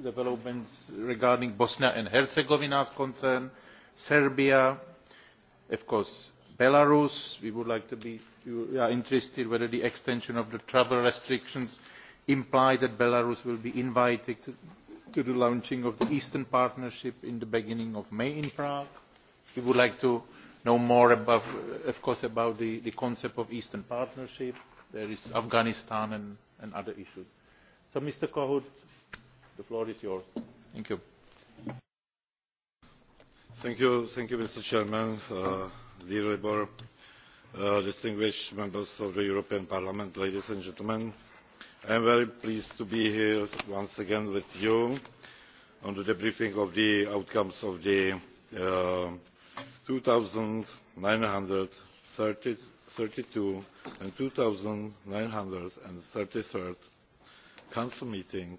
developments regarding Bosnia and Herzegovina concern, Serbia, of course, Belarus. We would like to be interested whether the extension of the travel restrictions imply that Belarus will be invited to the launching of the Eastern Partnership in the beginning of May in Prague. We would like to know more, of course, about the concept of Eastern Partnership. There is Afghanistan and other issues. So, Mr. Kohout, The floor is yours. Thank you. Thank you, Mr. Chairman, dear Labour, distinguished members of the European Parliament, ladies and gentlemen. I am very pleased to be here once again with you on the debriefing of the outcomes of the uh, 2932 and 2933 Council meeting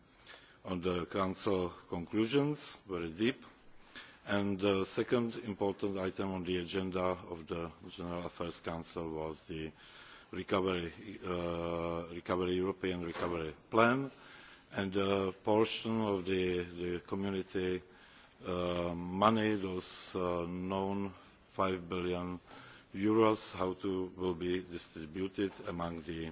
on the Council conclusions, very deep. And the second important item on the agenda of the General Affairs Council was the Recovery European Recovery Plan, and a portion of the community money, those known EUR 5 billion euros, how to will be distributed among the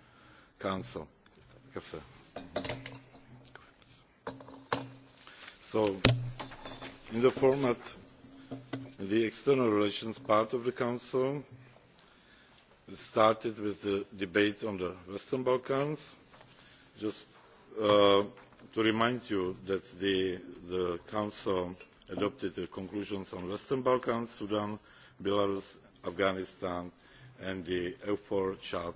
Council. So, in the format, the external relations part of the Council started with the debate on the Western Balkans. Just to remind you that the Council adopted the conclusions on Western Balkans, Sudan, Belarus, Afghanistan and the EUFOR Chart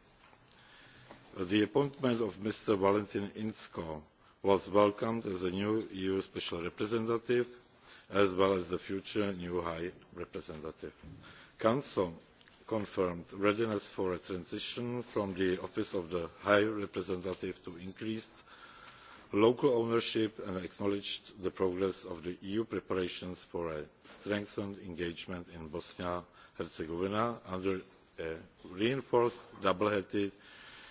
the appointment of Mr. Valentin Inzko was welcomed as a new EU Special Representative, as well as the future new High Representative. Council confirmed readiness for a transition from the Office of the High Representative to increased local ownership and acknowledged the progress of the EU preparations for a strengthened engagement in Bosnia-Herzegovina under a reinforced double-headed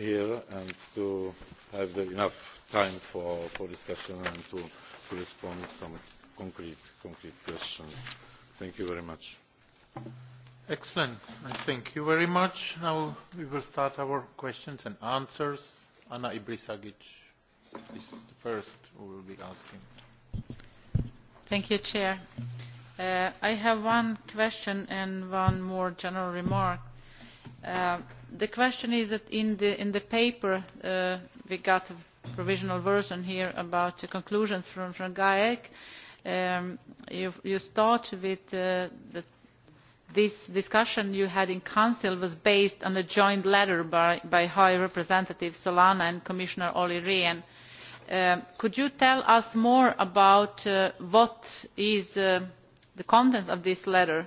here and to have enough time for discussion and to respond to some concrete questions. Thank you very much. Excellent. Thank you very much. Now we will start our questions and answers. Anna Ibrisagic is the first who will be asking. Thank you, Chair. I have one question and one more general remark The question is that in the paper we got a provisional version here about the conclusions from GAEC. You start with that this discussion you had in Council was based on a joint letter by High Representative Solana and Commissioner Olli Rehn. Could you tell us more about what is the contents of this letter?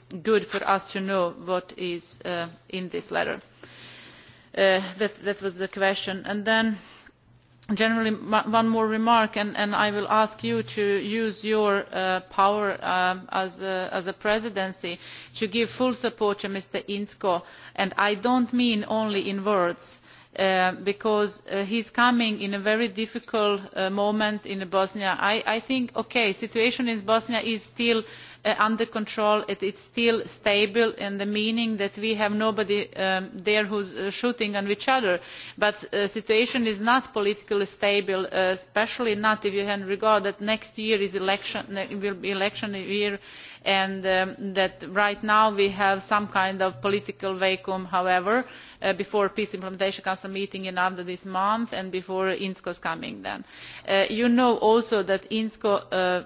good for us to know what is in this letter. That was the question. And then generally one more remark and I will ask you to use your power as a presidency to give full support to Mr. Insko and I don't mean only in words because he is coming in a very difficult moment in Bosnia. I think, okay, the situation in Bosnia is still under control. It is still stable in the meaning that we have nobody there who is shooting on each other. But the situation is not politically stable, especially not if you have regard that next year is election will be election year and that right now we have some kind of political vacuum, however, before Peace Implementation Council meeting in under this month and before INSCO is coming then. You know also that INSCO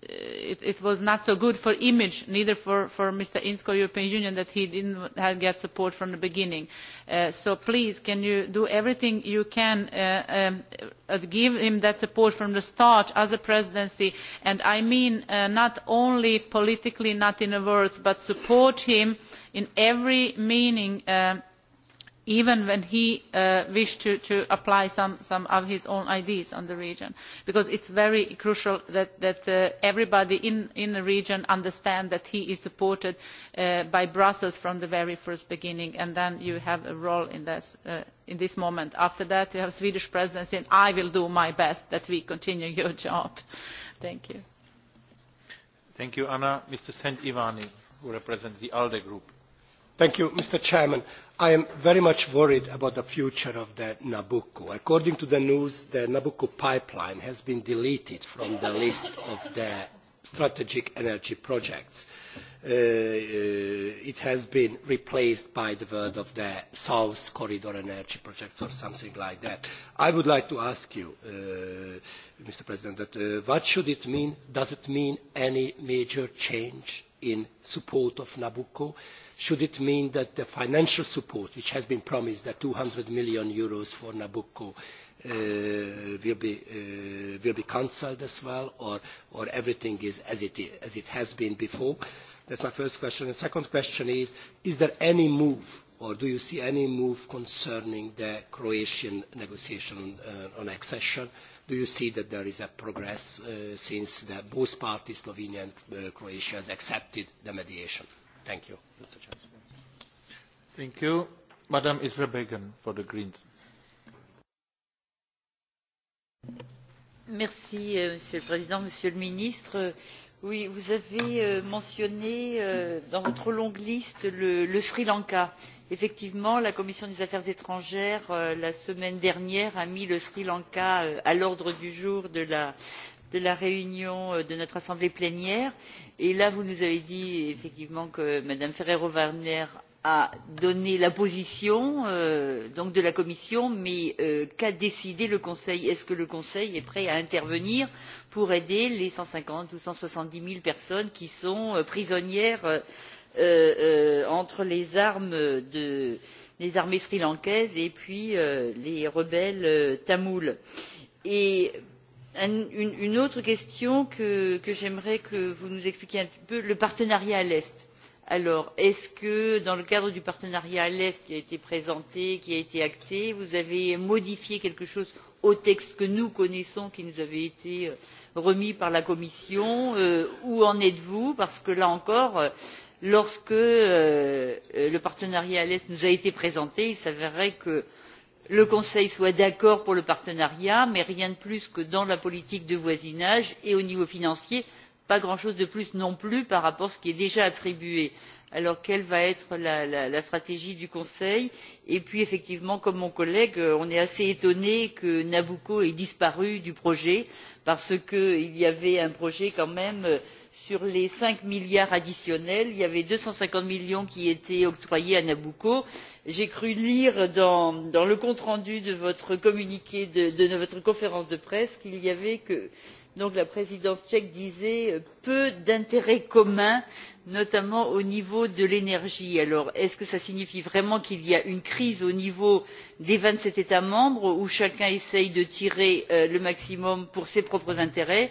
it was not so good for image neither for mr Insko, european union that he didn't not get support from the beginning. so please can you do everything you can to give him that support from the start as a presidency and i mean not only politically not in words but support him in every meaning even when he wished to apply some of his own ideas on the region because it is very crucial that everybody in the region understands that he is supported by brussels from the very first beginning and then you have a role in this moment. after that you have the swedish presidency and i will do my best that we continue your job. thank you. thank you anna. mr st ivani who represents the alde group. Mr President, I am very much worried about the future of the Nabucco. According to the news, the Nabucco pipeline has been deleted from the list of the strategic energy projects. It has been replaced by the word of the South Corridor energy projects or something like that. I would like to ask you, Mr. President, what should it mean? Does it mean any major change in support of Nabucco? Should it mean that the financial support, which has been promised, the 200 million euros for Nabucco, will be cancelled as well or everything is as it has been before? That's my first question. The second question is, is there any move or do you see any move concerning the Croatian negotiation on accession? Do you see that there is a progress since both parties, Slovenia and Croatia, has accepted the mediation? Thank you. Mr. Thank you. Madam Isra for the Greens monsieur le président monsieur le ministre vous avez mentionné dans votre longue liste le sri lanka. effectivement la commission des affaires étrangères la semaine dernière a mis le sri lanka à l'ordre du jour de la réunion de notre assemblée plénière et là vous nous avez dit effectivement que mme ferrero waldner a donné la position de la commission mais qu'a décidé le conseil? est ce que le conseil est prêt à intervenir pour aider les cent cinquante ou cent soixante dix zéro personnes qui sont prisonnières entre les armes des armées sri lankaises et puis les rebelles tamouls? une autre question que j'aimerais que vous nous expliquiez un peu le partenariat à l'est alors est ce que dans le cadre du partenariat à l'est qui a été présenté qui a été acté vous avez modifié quelque chose au texte que nous connaissons qui nous avait été remis par la commission où en êtes vous parce que là encore lorsque le partenariat à l'est nous a été présenté il s'avérait que le conseil soit d'accord pour le partenariat mais rien de plus que dans la politique de voisinage et au niveau financier pas grand chose de plus non plus par rapport à ce qui est déjà attribué. alors quelle va être la stratégie du conseil? et puis effectivement comme mon collègue on est assez étonné que nabucco ait disparu du projet parce qu'il y avait un projet quand même sur les cinq milliards additionnels il y avait deux cent cinquante millions qui étaient octroyés à nabucco. j'ai cru lire dans le compte rendu de votre communiqué de votre conférence de presse qu'il n'y avait que la présidence tchèque disait peu d'intérêts communs notamment au niveau de l'énergie. alors est ce que cela signifie vraiment qu'il y a une crise au niveau des vingt sept états membres où chacun essaie de tirer le maximum pour ses propres intérêts?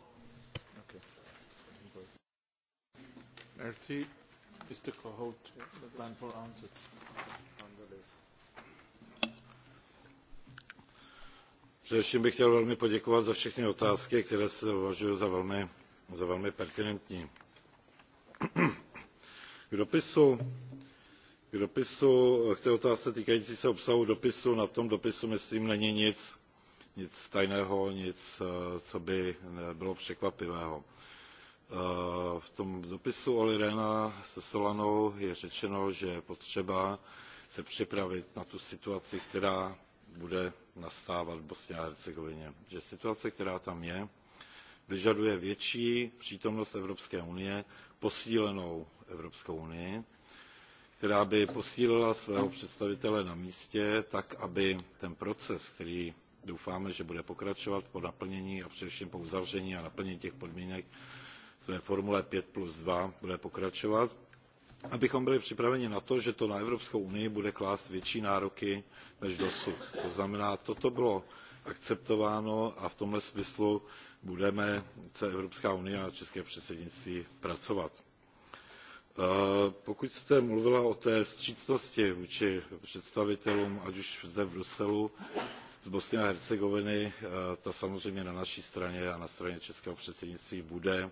Merci. plan for Především bych chtěl velmi poděkovat za všechny otázky, které se považuji za velmi, za velmi pertinentní. K dopisu, k té otázce týkající se obsahu dopisu, na tom dopisu, myslím, není nic, nic tajného, nic, co by bylo překvapivého V tom dopisu Olli Rehna se Solanou je řečeno, že je potřeba se připravit na tu situaci, která bude nastávat v Bosně a Hercegovině. Že situace, která tam je, vyžaduje větší přítomnost Evropské unie, posílenou Evropskou unii, která by posílila svého představitele na místě tak, aby ten proces, který doufáme, že bude pokračovat po naplnění a především po uzavření a naplnění těch podmínek, formule 5 plus 2 bude pokračovat, abychom byli připraveni na to, že to na Evropskou unii bude klást větší nároky než dosud. To znamená, toto bylo akceptováno a v tomto smyslu budeme Evropská unie a české předsednictví pracovat. Pokud jste mluvila o té vstřícnosti vůči představitelům, ať už zde v Bruselu, z Bosny a Hercegoviny, ta samozřejmě na naší straně a na straně českého předsednictví bude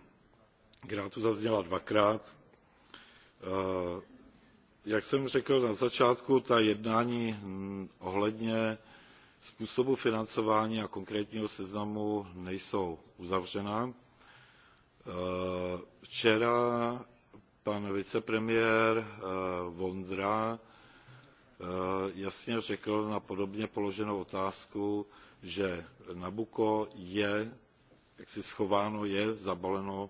která tu zazněla dvakrát. Jak jsem řekl na začátku, ta jednání ohledně způsobu financování a konkrétního seznamu nejsou uzavřena. Včera pan vicepremiér Vondra jasně řekl na podobně položenou otázku, že Nabuko je, jak schováno je, zabaleno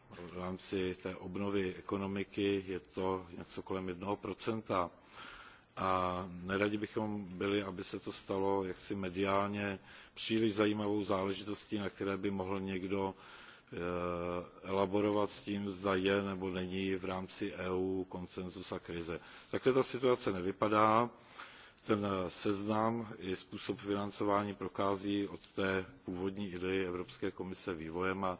v rámci té obnovy ekonomiky je to něco kolem 1%. A neradi bychom byli, aby se to stalo jaksi mediálně příliš zajímavou záležitostí, na které by mohl někdo elaborovat s tím, zda je nebo není v rámci EU konsenzus a krize. Takhle ta situace nevypadá. Ten seznam i způsob financování prokází od té původní idei Evropské komise vývojem a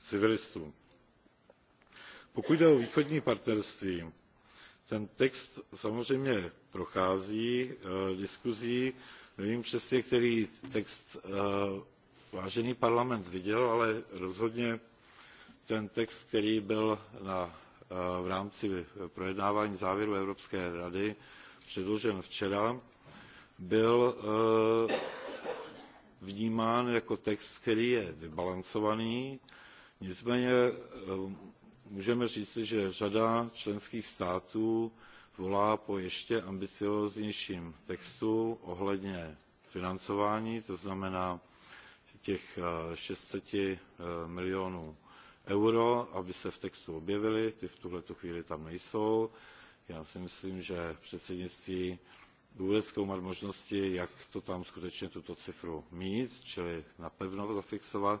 civilistů. Pokud jde o východní partnerství, ten text samozřejmě prochází diskuzí, nevím přesně, který text vážený parlament viděl, ale rozhodně ten text, který byl v rámci projednávání závěru Evropské rady předložen včera, byl vnímán jako text, který je vybalancovaný, Nicméně můžeme říci, že řada členských států volá po ještě ambicióznějším textu ohledně financování, to znamená těch 600 milionů euro, aby se v textu objevily, ty v tuhle chvíli tam nejsou. Já si myslím, že předsednictví bude zkoumat možnosti, jak to tam skutečně tuto cifru mít, čili napevno zafixovat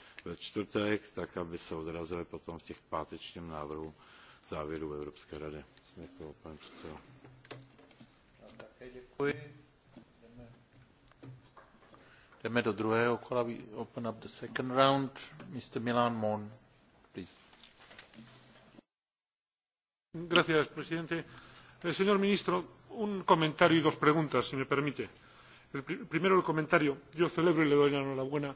ve čtvrtek, tak aby se odrazily potom v těch pátečním návrhu závěrů Evropské rady. Děkuji, pane předsedo. Děkuji. Jdeme do druhého kola. We open up the second round. Mr. Milan Mon, please. Gracias, presidente. Señor ministro, un comentario y dos preguntas, si me permite. Primero el comentario. Yo celebro y le doy la enhorabuena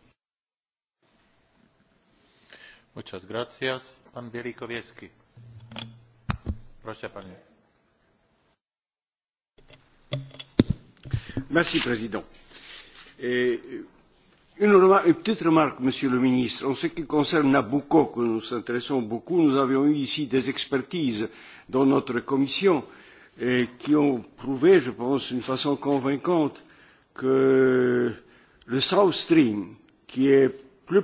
monsieur le président une petite remarque monsieur le ministre en ce qui concerne nabucco que nous nous intéressons beaucoup nous avions eu ici des expertises dans notre commission qui ont prouvé je pense d'une façon convaincante que le south stream qui est plus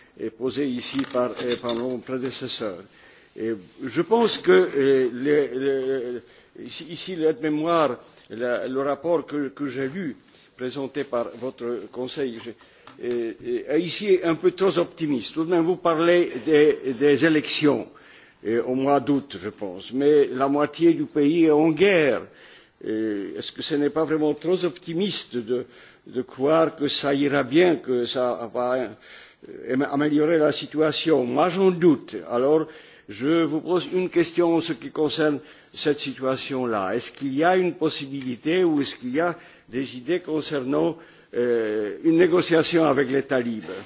posée ici par mon prédécesseur. Je pense que ici l'aide mémoire, le rapport que j'ai vu présenté par votre Conseil est ici un peu trop optimiste. Tout de même, vous parlez des élections au mois d'août, je pense, mais la moitié du pays est en guerre. Est ce que ce n'est pas vraiment trop optimiste de croire que ça ira bien, que ça va améliorer la situation. Moi, j'en doute. Alors, je vous pose une question en ce qui concerne cette situation-là. Est-ce qu'il y a une possibilité ou est-ce qu'il y a des idées concernant une négociation avec les talibans,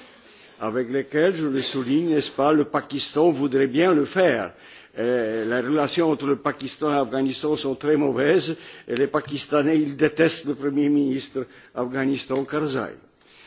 avec lesquels, je le souligne, n'est-ce pas, le Pakistan voudrait bien le faire. Les relations entre le Pakistan et l'Afghanistan sont très mauvaises et les Pakistanais, ils détestent le Premier ministre afghanistan Karzai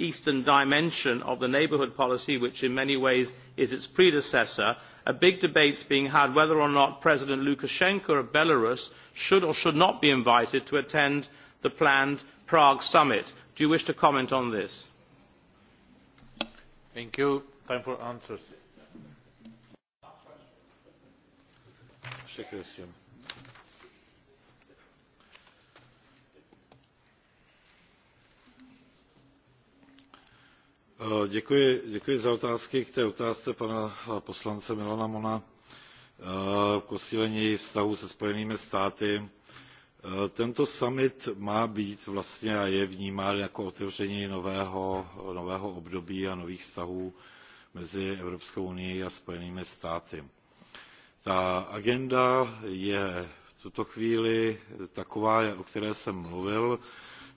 eastern dimension of the neighbourhood policy which in many ways is its predecessor a big debate is being had whether or not president lukashenko of belarus should or should not be invited to attend the planned prague summit. do you wish to comment on this? Děkuji za otázky. K té otázce pana poslance Milana Mona k posílení vztahu se Spojenými státy. Tento summit má být vlastně a je vnímán jako otevření nového období a nových vztahů mezi Evropskou unii a Spojenými státy. Ta agenda je v tuto chvíli taková, o které jsem mluvil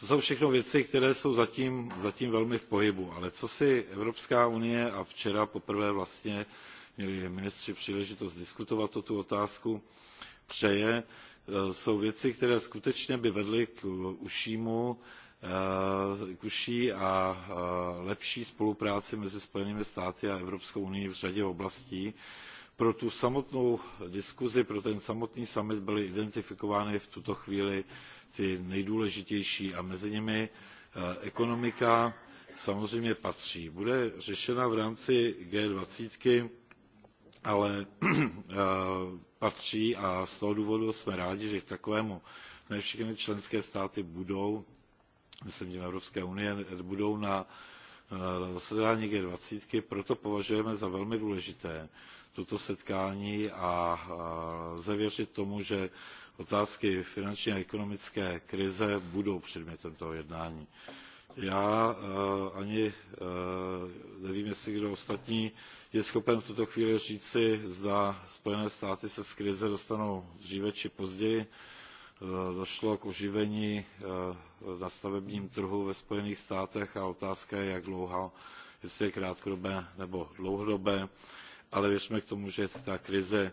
To jsou všechno věci, které jsou zatím velmi v pohybu. Ale co si Evropská unie a včera poprvé vlastně měli ministři příležitost diskutovat o tu otázku přeje, jsou věci, které skutečně by vedly k ušímu k užší a lepší spolupráci mezi Spojenými státy a Evropskou unii v řadě oblastí. Pro tu samotnou diskuzi, pro ten samotný summit byly identifikovány v tuto chvíli ty nejdůležitější a mezi nimi ekonomika samozřejmě patří. Bude řešena v rámci G20, ale patří a z toho důvodu jsme rádi, že k takovému ne všechny členské státy budou, myslím, že Evropské unie, budou na zasedání G20, proto považujeme za velmi důležité toto setkání a zavěřit tomu, že otázky finanční a ekonomické krize budou předmětem toho jednání. Já ani nevím, jestli kdo ostatní je schopen v tuto chvíli říci, zda Spojené státy se z krize dostanou dříve či později. Došlo k oživení na stavebním trhu ve Spojených státech a otázka je, jak dlouho, jestli je krátkodobé nebo dlouhodobé, ale věřme k tomu, že ta krize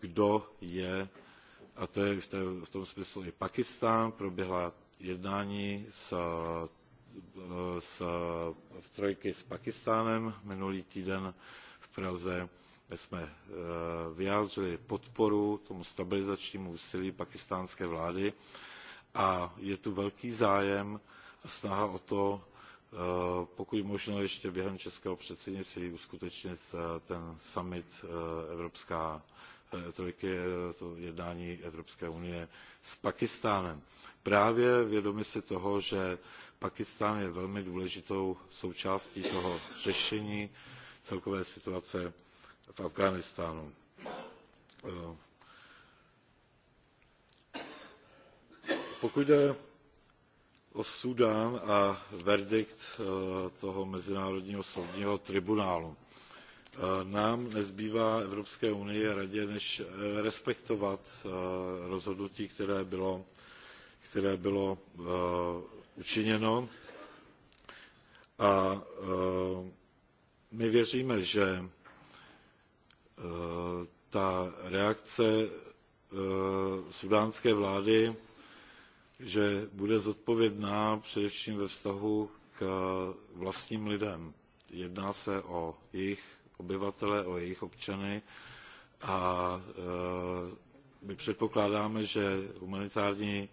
kdo je a to je v tom smyslu i Pakistán. Proběhla jednání s trojky s Pakistánem minulý týden v Praze. jsme vyjádřili podporu tomu stabilizačnímu úsilí pakistánské vlády a je tu velký zájem a snaha o to, pokud možno ještě během českého předsednictví uskutečnit ten summit Evropská trojky to jednání Evropské unie s Pakistánem. Právě vědomi si toho, že Pakistán je velmi důležitou součástí toho řešení celkové situace v Afghánistánu. Pokud jde o Súdán a verdikt toho Mezinárodního soudního tribunálu, nám nezbývá Evropské unie a radě, než respektovat rozhodnutí, které bylo, které bylo učiněno. A my věříme, že ta reakce sudánské vlády, že bude zodpovědná především ve vztahu k vlastním lidem. Jedná se o jejich obyvatele, o jejich občany a my předpokládáme, že humanitární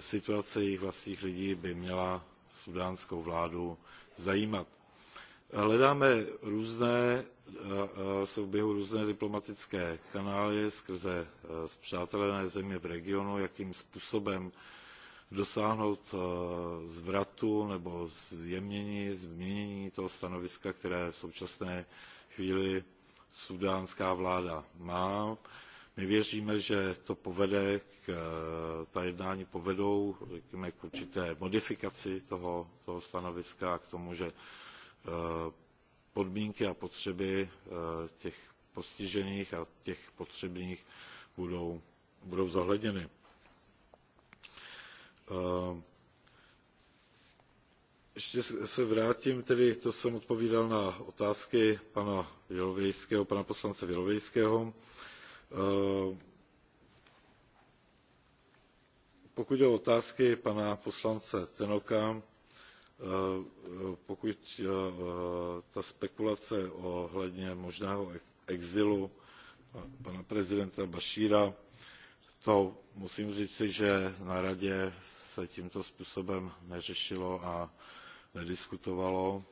situace jejich vlastních lidí by měla sudánskou vládu zajímat. Hledáme různé, souběhu různé diplomatické kanály skrze zpřátelené země v regionu, jakým způsobem dosáhnout zvratu debatu nebo zjemnění, změnění toho stanoviska, které v současné chvíli sudánská vláda má. My věříme, že to povede, k, ta jednání povedou řekněme, k určité modifikaci toho, toho stanoviska a k tomu, že podmínky a potřeby těch postižených a těch potřebných budou, budou zohledněny. Ještě se vrátím, tedy to jsem odpovídal na otázky pana Vělovejského, pana poslance Vělovejského. Pokud je otázky pana poslance Tenoka, pokud ta spekulace ohledně možného exilu pana prezidenta Bašíra, to musím říci, že na radě se tímto způsobem neřešilo a nediskutovalo.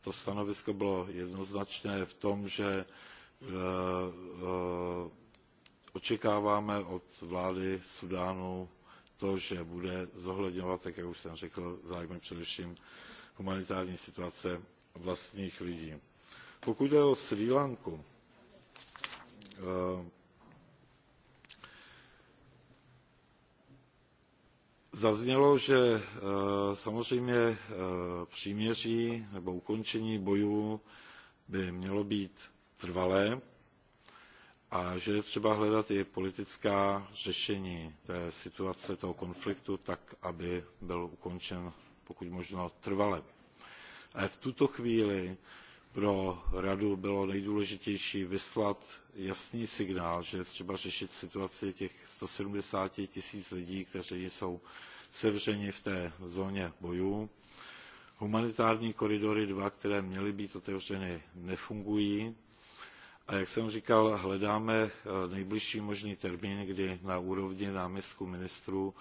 To stanovisko bylo jednoznačné v tom, že očekáváme od vlády Sudánu to, že bude zohledňovat, jak už jsem řekl, zájmy především humanitární situace vlastních lidí. Pokud jde o Sri Lanku, Zaznělo, že samozřejmě příměří nebo ukončení bojů by mělo být trvalé a že je třeba hledat i politická řešení té situace, toho konfliktu, tak, aby byl ukončen pokud možno trvale. v tuto chvíli pro radu bylo nejdůležitější vyslat jasný signál že je třeba řešit situaci těch 170 tisíc lidí kteří jsou sevřeni v té zóně bojů. humanitární koridory 2, které měly být otevřeny nefungují a jak jsem říkal hledáme nejbližší možný termín kdy na úrovni náměstků ministrů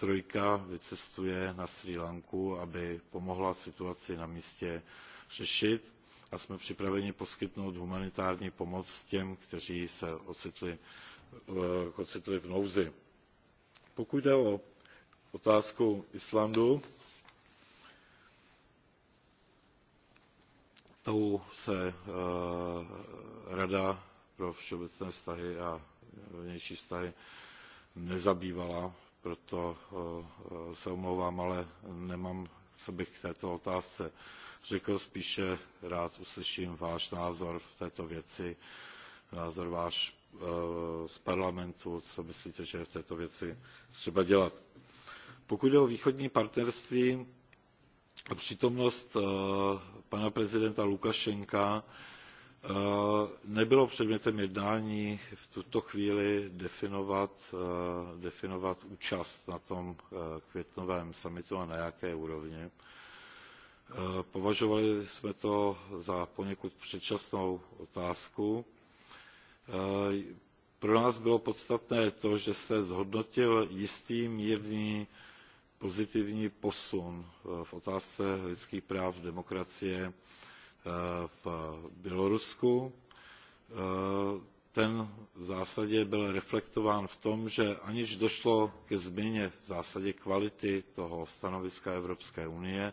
trojka vycestuje na srí lanku aby pomohla situaci na místě řešit a jsme připraveni poskytnout humanitární pomoc těm, kteří se ocitli v nouzi. Pokud jde o otázku Islandu, tou se Rada pro všeobecné vztahy a vnější vztahy nezabývala, proto se omlouvám, ale nemám, co bych k této otázce řekl, spíše rád uslyším váš názor v této věci, názor váš z parlamentu, co myslíte, že v této věci třeba dělat. Pokud jde o východní partnerství, přítomnost pana prezidenta Lukašenka nebylo předmětem jednání v tuto chvíli definovat účast na tom květnovém summitu a na jaké úrovni Považovali jsme to za poněkud předčasnou otázku. Pro nás bylo podstatné to, že se zhodnotil jistý mírný pozitivní posun v otázce lidských práv demokracie v Bělorusku. Ten v zásadě byl reflektován v tom, že aniž došlo ke změně v zásadě kvality toho stanoviska Evropské unie,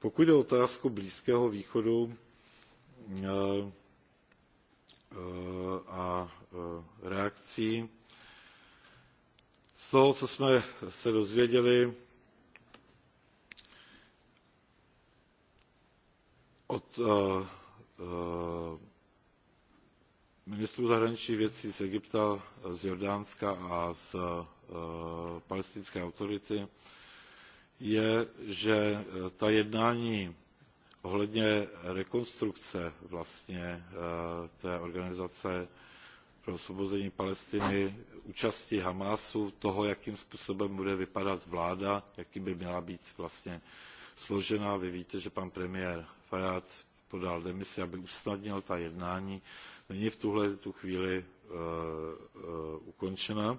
Pokud jde o otázku Blízkého východu a reakcí, z toho, co jsme se dozvěděli od ministrů zahraničí věcí z Egypta, z Jordánska a z palestinské autority, je, že ta jednání ohledně rekonstrukce vlastně té organizace pro osvobození Palestiny, účasti Hamásu, toho, jakým způsobem bude vypadat vláda, jaký by měla být vlastně složena. Vy víte, že pan premiér Fayad podal demisi, aby usnadnil ta jednání. Není v tuhle tu chvíli ukončena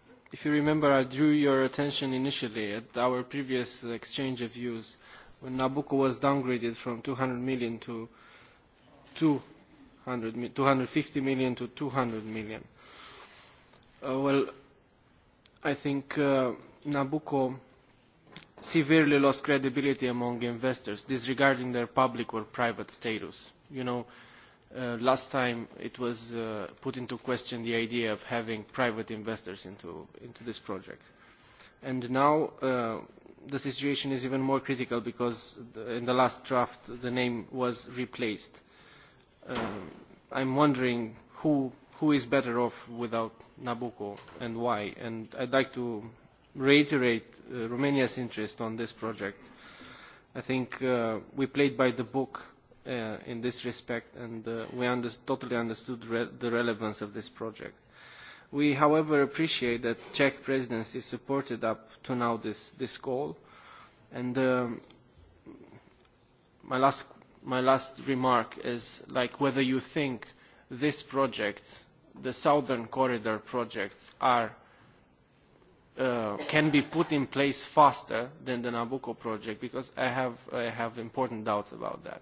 If you remember, I drew your attention initially at our previous exchange of views when Nabucco was downgraded from 200 million to 250 million to 200 million. Well, I think Nabucco severely lost credibility among investors, disregarding their public or private status. You know, Last time it was put into question the idea of having private investors into this project. And now the situation is even more critical because in the last draft the name was replaced. I'm wondering who is better off without Nabucco and why. And I'd like to reiterate Romania's interest on this project. I think we played by the book in this respect and we totally understood the relevance of this project. We, however, appreciate that Czech presidency supported up to now this call And my last remark is like whether you think this project, the Southern Corridor projects, are can be put in place faster than the Nabucco project, because I have important doubts about that.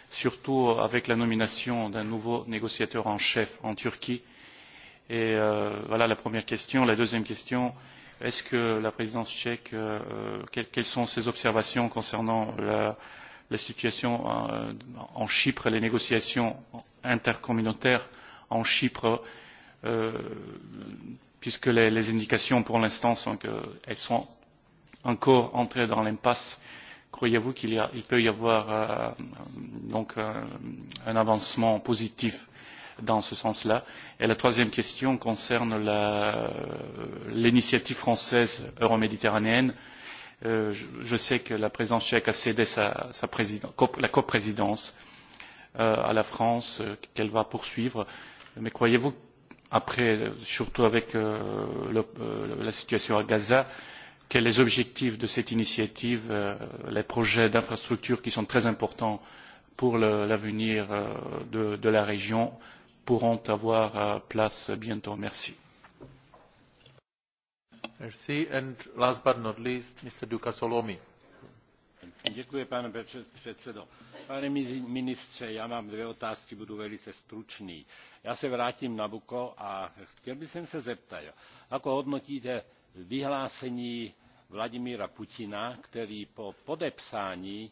surtout avec la nomination d'un nouveau négociateur en chef en Turquie. voilà la première question. La deuxième question, est-ce que la présidence tchèque, quelles sont ses observations concernant la, situation en Chypre, et les négociations intercommunautaires en Chypre, puisque les, indications pour l'instant sont qu'elles sont encore entrées dans l'impasse croyez-vous qu'il peut y avoir donc un avancement positif dans ce sens-là Et la troisième question concerne l'initiative française euroméditerranéenne. Je sais que la présidence tchèque a cédé la coprésidence à la France, qu'elle va poursuivre. Mais croyez-vous, après, surtout avec la situation à Gaza, que les objectifs de cette initiative, les projets d'infrastructures qui sont très importants pour l'avenir de la région, pourront avoir place bientôt. Merci. Merci. And last but not least, Mr. Duka Solomi. Děkuji, pane předsedo. Pane ministře, já mám dvě otázky, budu velice stručný. Já se vrátím na Buko a chtěl bych se zeptat, jako hodnotíte vyhlásení Vladimíra Putina, který po podepsání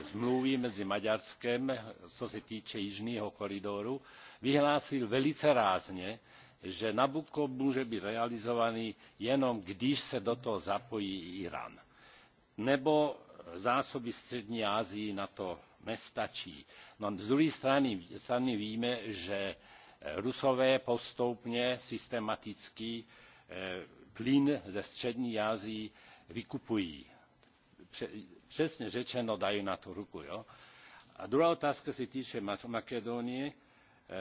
zmluvy mezi Maďarskem, co se týče Jižního koridoru, vyhlásil velice rázně, že Nabucco může být realizovaný jenom, když se do toho zapojí Irán. Nebo zásoby střední Asii na to nestačí. No, z druhé strany, strany víme, že Rusové postupně systematicky plyn ze střední Asii vykupují. Přesně řečeno dají na to ruku. A druhá otázka se týče Makedonie.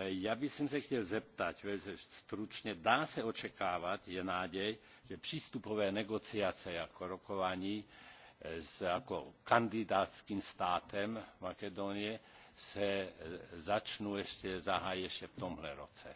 Já bych se chtěl zeptat, velice stručně, dá se očekávat, je náděj, že přístupové negociace jako rokování s jako kandidátským státem Makedonie se začnou ještě, zahájí ještě v tomhle roce.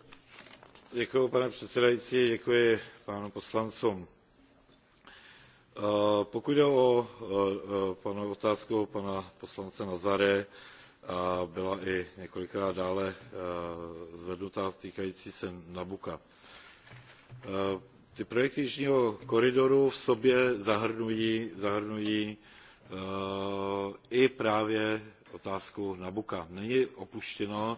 pane předsedající, děkuji pánu poslancům. Pokud jde o otázku pana poslance Nazare, byla i několikrát dále zvednutá týkající se Nabuka. Ty projekty Jižního koridoru v sobě zahrnují i právě otázku Nabuka. Není opuštěno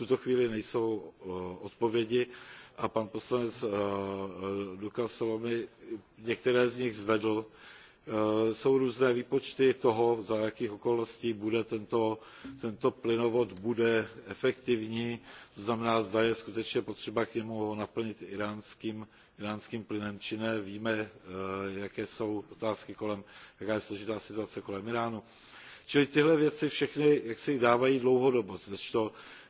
tuto chvíli nejsou odpovědi a pan poslanec Luka Salomy některé z nich zvedl. Jsou různé výpočty toho, za jakých okolností bude tento plynovod bude efektivní, to znamená, zda je skutečně potřeba k němu ho naplnit iránským plynem či ne. Víme, jaké jsou otázky kolem, jaká je složitá situace kolem Iránu. Čili tyhle věci všechny, jak se dávají dlouhodobost, to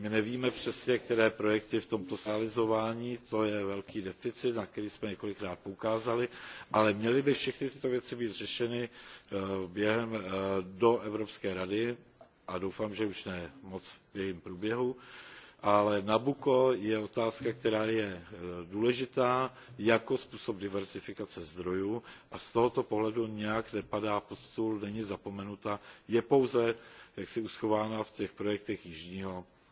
My nevíme přesně, které projekty v tomto realizování, to je velký deficit, na který jsme několikrát poukázali, ale měly by všechny tyto věci být řešeny během do Evropské rady a doufám, že už ne moc v jejím průběhu. Ale Nabuko je otázka, která je důležitá jako způsob diversifikace zdrojů a z tohoto pohledu nějak nepadá pod stůl, není zapomenuta, je pouze jaksi uschována v těch projektech jižního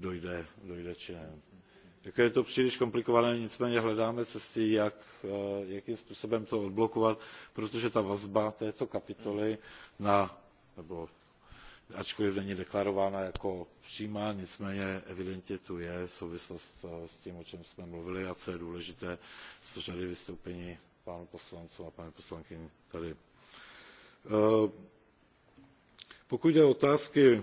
dojde, činem. je to příliš komplikované, nicméně hledáme cesty, jak, jakým způsobem to odblokovat, protože ta vazba této kapitoly na, nebo ačkoliv není deklarována jako přímá, nicméně evidentně tu je souvislost s tím, o čem jsme mluvili a co je důležité z řady vystoupení pánu poslanců a paní poslankyni tady. Pokud jde otázky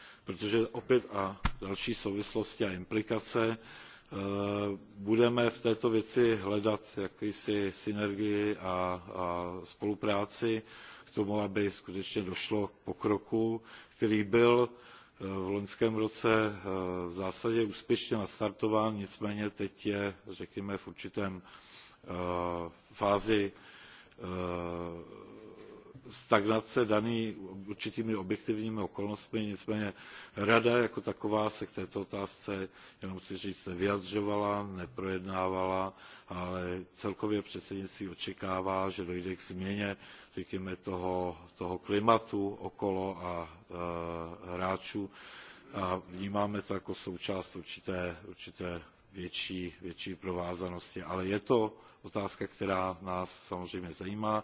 protože opět a další souvislosti a implikace budeme v této věci hledat jakýsi synergii a spolupráci k tomu, aby skutečně došlo k pokroku, který byl v loňském roce v zásadě úspěšně nastartován, nicméně teď je, řekněme, v určitém fázi stagnace daný určitými objektivními okolnostmi nicméně rada jako taková se k této otázce jenom chci říct nevyjadřovala neprojednávala ale celkově předsednictví očekává že dojde k změně řekněme toho klimatu okolo a hráčů a vnímáme to jako součást určité větší provázanosti ale je to otázka která nás samozřejmě zajímá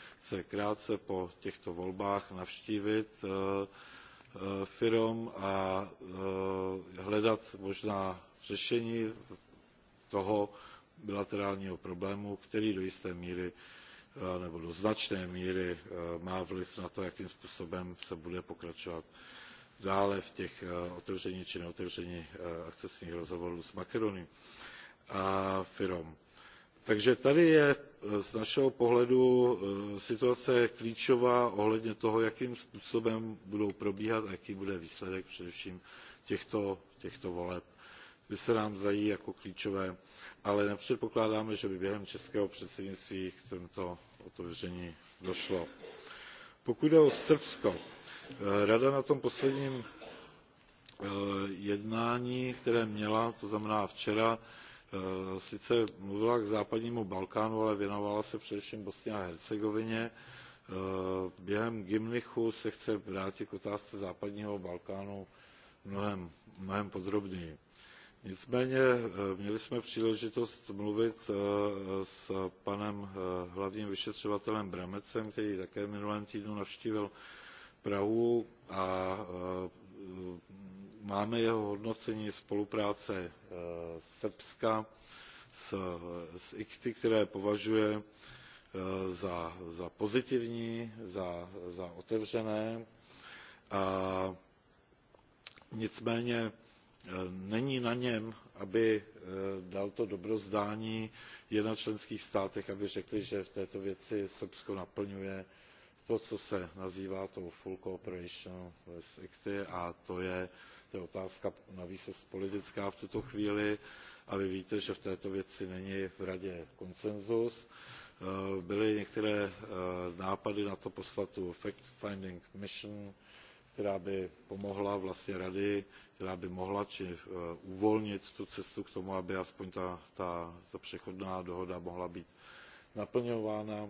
se krátce po těchto volbách navštívit firm a hledat možná řešení toho bilaterálního problému, který do jisté míry nebo do značné míry má vliv na to, jakým způsobem se bude pokračovat dále v těch otevření či neotevření akcesních rozhovorů s Makedonií a FIROM. Takže tady je z našeho pohledu situace klíčová ohledně toho, jakým způsobem budou probíhat a jaký bude výsledek především těchto voleb. Ty se nám zají jako klíčové, ale nepředpokládáme, že by během českého předsednictví k tomuto otevření došlo. Pokud jde o Srbsko, Rada na tom posledním jednání, které měla, to znamená včera, sice mluvila k západnímu Balkánu, ale věnovala se především Bosně a Hercegovině. Během Gimnichu se chce vrátit k otázce západního Balkánu mnohem, mnohem podrobněji. Nicméně měli jsme příležitost mluvit s panem hlavním vyšetřovatelem Bramecem, který také v minulém týdnu navštívil Prahu a máme jeho hodnocení spolupráce Srbska s ICTY, které považuje za pozitivní, za otevřené. Nicméně není na něm, aby dal to dobrozdání je na členských státech, aby řekli, že v této věci Srbsko naplňuje to, co se nazývá to full cooperation with ICTY, a to je, to je otázka navíc politická v tuto chvíli. A vy víte, že v této věci není v radě konsenzus. Byly některé nápady na to poslat tu fact-finding mission, která by pomohla vlastně rady, která by mohla či uvolnit tu cestu k tomu, aby aspoň ta, ta, ta přechodná dohoda mohla být naplňována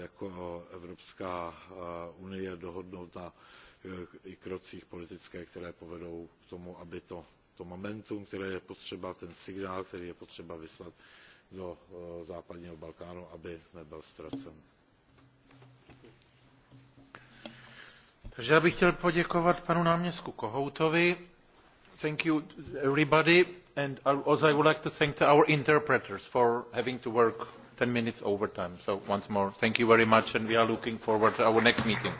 jako Evropská unie dohodnout na krocích politické, které povedou k tomu, aby to momentum, které je potřeba, ten signál, který je potřeba vyslat do západního Balkánu, aby nebyl ztracen. Takže já bych chtěl poděkovat panu náměstku Kohoutovi. Thank you everybody and also I would like to thank our interpreters for having to work ten minutes overtime. So once more, thank you very much, and we are looking forward to our next meeting.